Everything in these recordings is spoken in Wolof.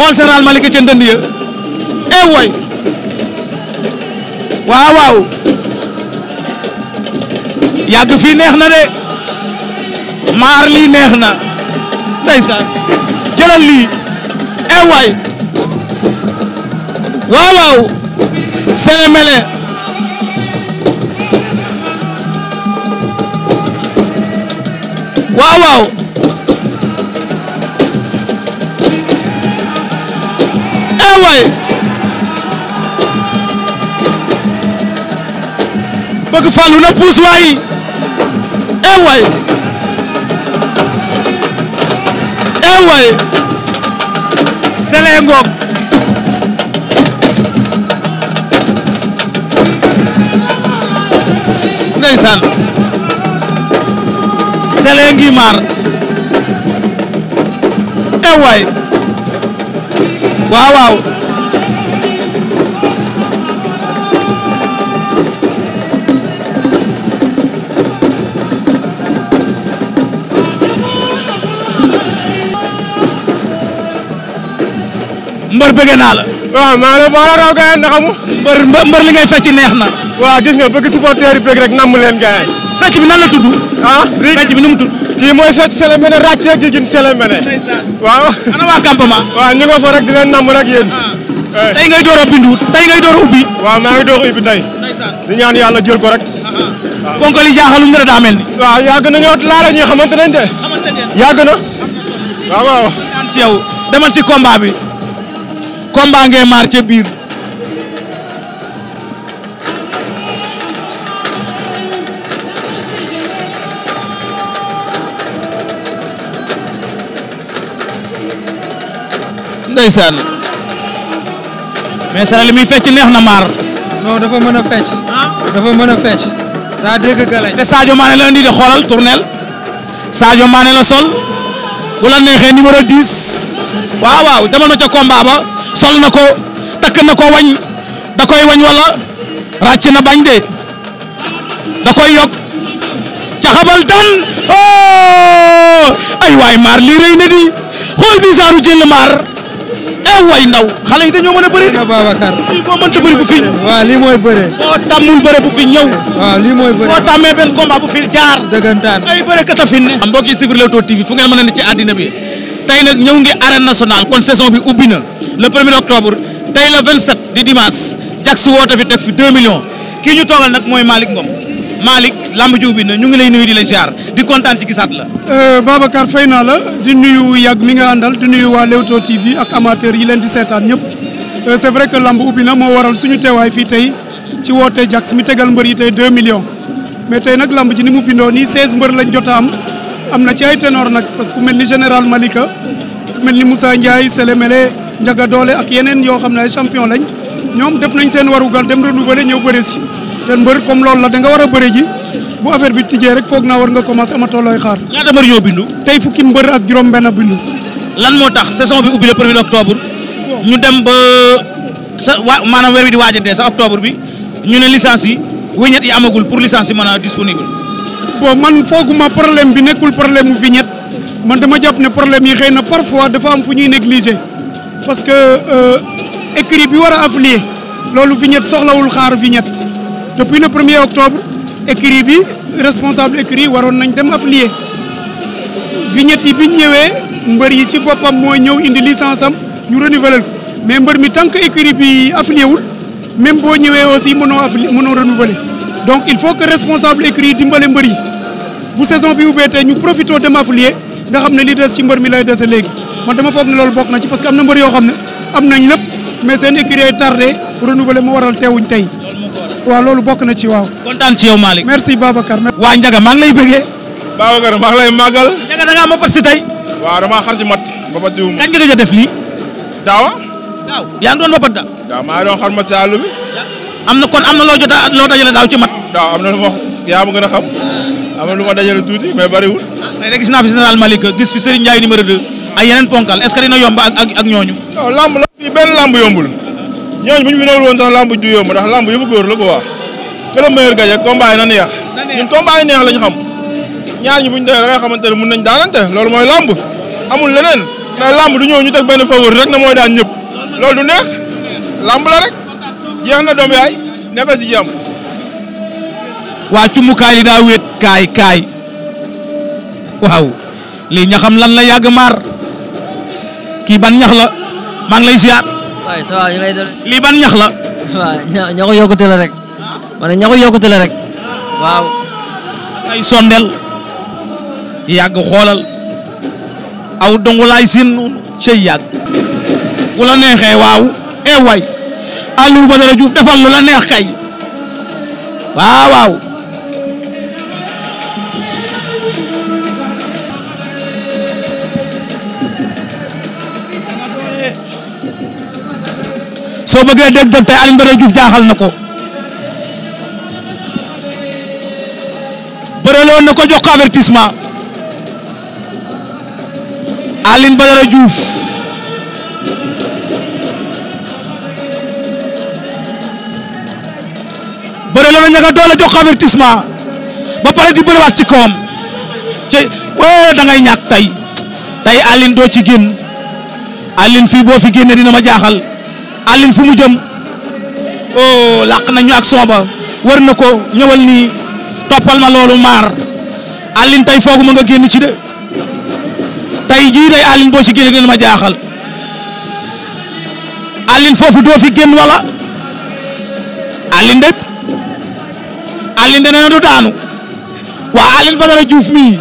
xool général Malika ca ndënd ya eh woy waaw waaw neex na de maar lii neex na ndeysaan jëlal lii eh woy waay bëgg fàllu na puus waay e waay e waay sele ngoog ndeysaan waaw waaw mbër bëgg naa la. waaw maa ngi maa la raw gars yi ndaxamu. mbër mbër li ngay fecc neex na. waa gis nga bëgg supporter yi bëgg rek mu leen gars yi. fecc bi nan la tudd. ah fecc bi nu mu tudd. kii mooy fecc Sélémène ràccee gi gin Sélémène. waaw. ana waa campement. waaw ñu nga fa rek di leen namm rek yéen. Ah. tey ngay door a bindu tey ngay door a ubbi. waaw maa ngi door a ubbi tey. di ñaan yàlla jël ko rek. waaw ah, ah. ponkal yi jaaxaluñ la daa mel ni. waaw yàgg na ñoo laala ñuy xamante nañ de. yàgg na. waaw si daan ci demal ci combat bi. combat ngay maar ca biir. ndeysaan mais Sara li muy fecc neex na maar. non dafa mën a fecc. Ah. dafa mën a fecc. daa dégg galañ. te Sadio Mané la indi sol bu la neexee numéro 10 waaw waaw ma ca combat sol na ko takk na ko wañ da koy wañ wala ràcc na bañ de da koy yóbbu ca xabal oh! ay waay maar lii rëy na di xool bi saaru jël maar. eh way ndaw xale yi dañoo mën a bëri. Babacar fii boo mënta bëri bu fi. waaw lii mooy bëre. boo tàmmul bëre bu fi ñëw. boo tàmmee benn combat bu fi jaar. dëggantaan ay bëre kat a fi ne. mbokk yi suivre Leewtoo TV fu ngeen mën a ci àddina bi tey nag ñëw ngi arène nationale kon saison bi ubbi na le premier octobre tey le 27 di dimanche jag woote fi teg fi 2 millions kii ñu toogal nag mooy Malick Ngom Malick lamb ji ubbi na ñu ngi lay nuyu di la ziar di kontaan ci gisaat la. Euh, Babacar fay naa la di nuyu yàgg mi nga àndal di nuyu waa Leewtoo TV ak amateur yi leen di seetaan ñëpp euh, c'est vrai que lamb ubbi na moo waral suñu teewaay fii tey ci woote Jax mi tegal mbër yi tey 2 millions. mais tey nag lamb ji ni mu bindoo nii 16 mbër lañ jot am na ci ay ténor nag parce que mel ni général Malika mel ni Moussa Ndiaye Selemele Ndiaga Doole ak yeneen yoo xam ne champion lañ ñoom def nañ seen warugal dem renouveler ñëw bëre si. te mbër comme loolu la da nga war a bëre ji bu affaire bi tijjee rek foog naa war nga commencé amatoo looy xaar. ñaata mbër ñoo bindu. tey fukki mbër ak juróom-benn bindu. lan moo tax saison bi ubbi le premier octobre. ñu dem ba sa waa maanaam weer wi di waajantee sa octobre bi ñu ne licence yi vignette yi amagul pour licence yi mën a disponible. bon man fooguma problème bi nekkul problème mu vignette man dama jàpp ne problème yi xëy na parfois dafa am fu ñuy négliger parce que euh, écrit bi war a affilier loolu vignette soxlawul xaar vignette. depuis le 1er octobre bi responsable écurie waroon nañ dem affilier vignette yi bi ñëwee mbër yi ci boppam mooy ñëw indi licence am ñu renouveler ko mais mbër mi tant que écurie bi affilié wul même boo ñëwee aussi mënoo affilié mënoo renouveler donc il faut que responsable écurie yi dimbale mbër yi bu saison bi ubbee ñu profité dem affilié nga xam ne li des ci mbër mi lay dese léegi man dama foog ne loolu bokk na ci parce que am na mbër xam ne am nañ lépp mais seen écurie ay tardé renouveler mu waral teewuñ tey. waaw loolu bokk na ci waaw. kontaan ci yow Malick. merci Babacar. waa Ndiaga maa ngi lay bëggee. Babacar maa ngi lay màggal. Ndiaga da ngaa si tey. waaw damaa xar si mat mbapat si wu ma. kañ nga gëj a def lii. daaw. yaa ngi doon mbapat da. daaw maa ngi doon xar mat si àll bi. am na kon am na loo jot a loo dajale daaw ci mat. daaw am na lu ma yaa ma gën a na lu ma dajale tuuti mais bariwul. tey rek gis naa fi général Malick gis fi Serigne Ndiaye numéro 2 ay yeneen ponkal est-ce que dina yomb ak ak ñooñu. waaw lamb la fii benn lamb yombul ñooñu bu ñu winewul woon sax lamb du yomb ndax lamb yëfu góor la ko waa que le meilleur gagne combat yi na neex ñun combat yi neex lañ xam ñaar ñi buñ dee da nga xamante ne mun nañ daanante loolu mooy lamb amul leneen mais lamb du ñëw ñu teg benn favori rek na mooy daan ñëpp loolu du neex lamb la rek jeex na doom yaay nekk si jàmm waa cumukaay li daa wéet kaay kaay waaw lii ñaxam lan la yàgg maar ban ñax la maa la lay waaye sa waaw ñu lii ban ñax la. waaw ña ña rek. ma ne ña ko yokkute la rek. waaw. ay sondel. yàgg xoolal. aw dongu laay siin cay yàgg. bu la neexee waaw. eh waay Aliou Badara Diouf defal lu la neex kay. waaw waaw. soo bëggee dégg dëgg tey Alioune Badara Diouf jaaxal na ko bëreeloon na ko jox ko avertissement Alioune Badara Diouf bëreeloon na ñaka doole jox ko ba pare di bëriwaat ci koom ci wéy da ngay tey tey Alioune doo ci génn Alioune fii boo fi génne dina ma jaaxal. Aline fu mu jëm oh làq nañu ak sooba wër na ko ñëwal nii toppal ma loolu maar Aline tey foogu ma nga génn ci de tey jii day Aline boo ci génne dina ma jaaxal Aline foofu doo fi génn wala Aline de Aline de nee na du daanu waa Aline Badara Diouf mii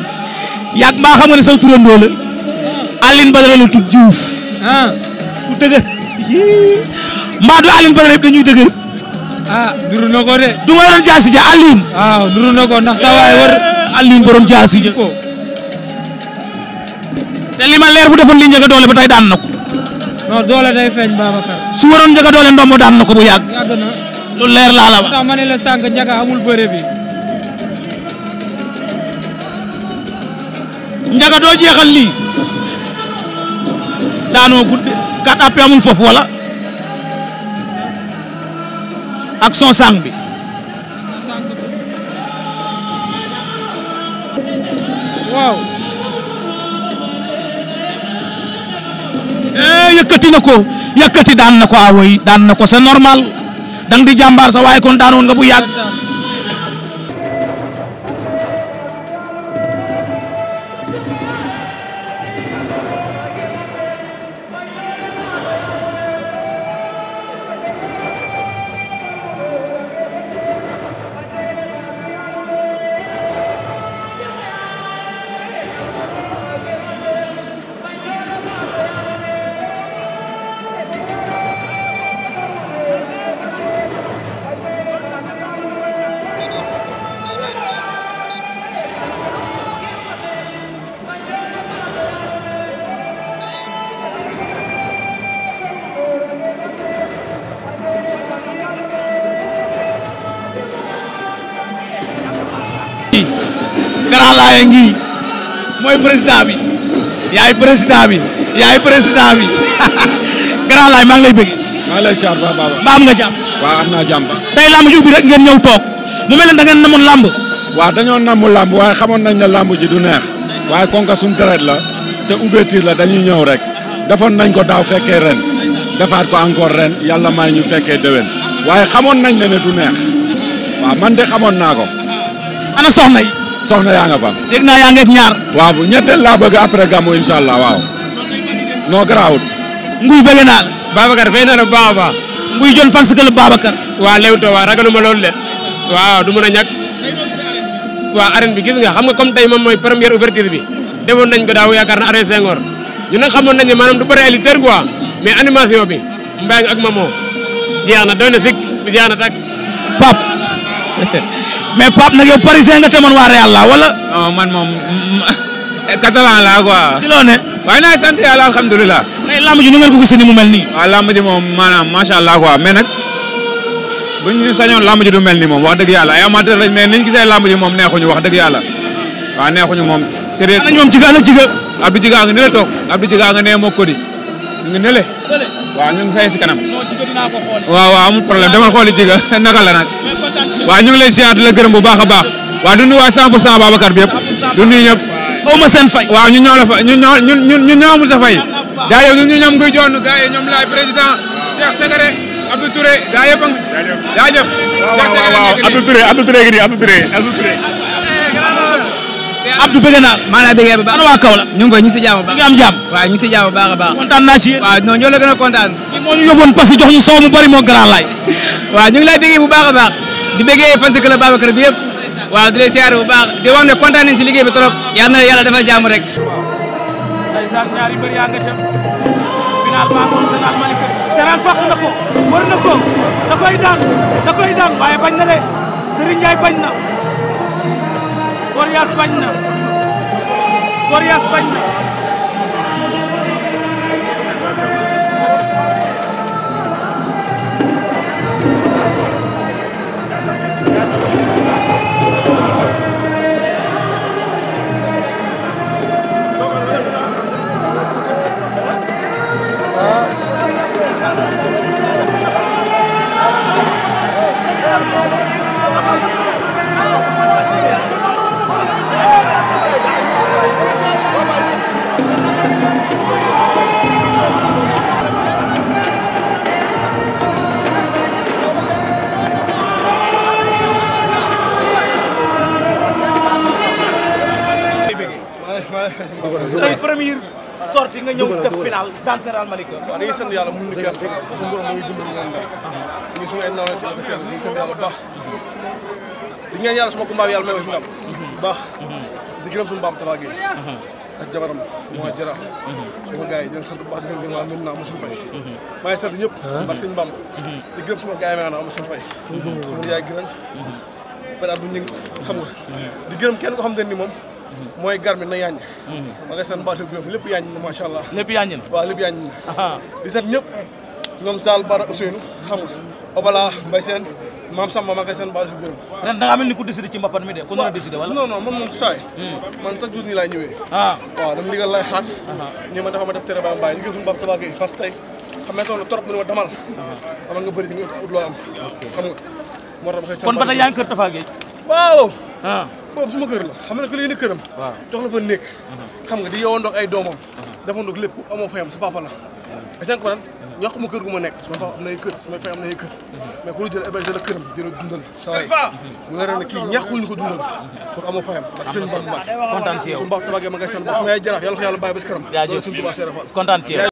yàgg mbaa xam nga ne Badara la tudd mbaa du Alioune Badara yëpp dañuy dëgër. Ah, du ma yoroon jaasi ja Alioune. waaw ah, nuru na ko ndax saa waay war Alioune borom jaasi ja. te li ma leer bu defoon li njëkk a doole ba tey daan na ko. non doole day feeñ Babacar. su waroon njëkk a doole ndombo daan na bu yàgg. sànq njëkk amul Njaga doo jeexal lii daanoo gudde kat app amul foofu wala ak son bi waaw eh na ko yëkkati daan na ko awoy ah daan na ko c'est normal dang di jàmbaar sa waaye kon daanoon nga bu yàgg grand laay ngi mooy président bi yaay président bi yaay président bi grand laay maa ngi lay bëgg. maa ngi lay siyaar baax baax baax. am nga jàmm. waa am naa jàmm baax. tey làmb ji ubbi rek ngeen ñëw toog mu mel ne da ngeen namoon làmb. waa dañoo namu làmb waaye xamoon nañ ne làmb ji du neex. waaye konka suñu deret la te ouverture la dañuy ñëw rek defoon nañ ko daaw fekkee ren defaat ko encore ren yàlla may ñu fekkee déwén waaye xamoon nañ ne ne du neex waaw man de xamoon naa ko. ana soxna soxna yaa nga fa. dégg naa yaa ngeeg ñaar. waaw bu ñetteel laa bëgg après gàmmu incha allah waaw. non garaawut. nguy bëgg naa la. Babacar fay na la a baax. nguy jël fan si club Babacar. waa Leewtoo waa ragaluma loolu de. waaw du mën a ñàkk. waa arène bi gis nga xam nga comme tey moom mooy première ouverture bi. defoon nañ ko daaw yaakaar na arène Senghor. ñun nag xamoon nañ ne maanaam du bëri ay lutteurs quoi mais animation bi Mbengue ak Mamo jeex na doy na sikk jeex na tak Pape. mais Pape nag yow parisien nga te man waa Real la wala. non man moom mm, mm, catalan la quoi. ci loo ne. waaye naa sant yàlla alhamdulilah. tey lamb ji nu ngeen ko gis ni mu mel nii. waaw lamb ji moom maanaam macha allah quoi mais nag bu ñu sañoon lamb ji du mel ni moom wax dëgg yàlla ay amateur lañ mais niñ gisee lamb ji moom neexuñu wax dëgg yàlla waaw neexuñu moom. sérieux ana ñoom jiga ana jiga. Abdou Jiga nga ne la toog Abdou Jiga nga ne moo ko si kanam. waaw waaw amul problème dama waaw ñu ngi la gërëm bu baax a baax waaw du nuyu waa 100 pour 100 Babacar bi yëpp du nuyu ñëpp aw ma seen fay waaw ñu ñoo la fa ñu ñoo ñun ñun ñoo amul sa fay gaa yëpp ñu ñoom guy joon gaa yi ñoom laay président Cheikh Ségaré Abdou Touré gaa yëpp jaajëf Cheikh maa ba a naa ci yéen a kontaan moo que jox ñu soow bu baax baax di bëggee fan si club Babacar bi yëpp waaw di lay siyaare bu baax di wax ne si liggéey bi trop yàlla na yàlla defal jàmm rek. ndeysaan ñaari mbër yaa nga ca final ba moom Général Malika Général fàq na ko war ko da koy daan da koy bañ na de Serigne Ndiaye bañ na Gorias bañ na Gorias bañ na. tey première sortie nga ñëw def final daan Seral Malika. waaw dañuy sant yàlla kenn suñu bu baax di ngeen yàlla suma combat bi yàlla may ma si ndam bu baax di gërëm suñu mbaam Tapha Gueye ak jabaram moo jaraaf mhm. suma gars yi di leen sant bu di leen gërëm maintenant mosul fay mhm. maa ngi sant ñëpp ak ah. sëñ mhm. yaay gërëm par abdu ñing di gërëm kenn ko xam ne ni mooy garmi na yaaññ wala mhm. seen mbaatu bi lépp yaaññ na macha allah lépp yaaññ na waaw lépp yaaññ na di seet ñëpp ñoom Sall Bara Ousseynou xam nga Obala Mbaye Sène maam Samba maa ngi seen mbaatu bi ren da ngaa mel ni ku décidé ci mbapat mi de ku nar a décidé wala non non man moom saay hmm. man chaque jour nii laay ñëwee a ah. waaw dama ndigal lay xaat ñi ma dafa ma def tere ba mbaay ñu gis mu mbab tabac yi parce que tey xam nga toon trop mu ne ma damal amal nga bëri di nga ut loo am xam nga moo tax kon ba tey yaa ngi kër Tafa Gueye waaw ah. boobu suma kër la xam nga ka ko léegi këram jox la fa nekk mhm. xam nga di yow ndoog ay doomam mhm. dafa ndoog lépp ku amoo fayam sa papa la esenk paran ñoo xamul kër ma nekk suma papa am na ay kër suma fay am na ay kër mhm. mais ku la jël hébergé ne kii ñàkkul ñu ko dundal kooku amoo fayam ak su ma ngay seen baax su ma yaay jaraaf yàlla ko yàlla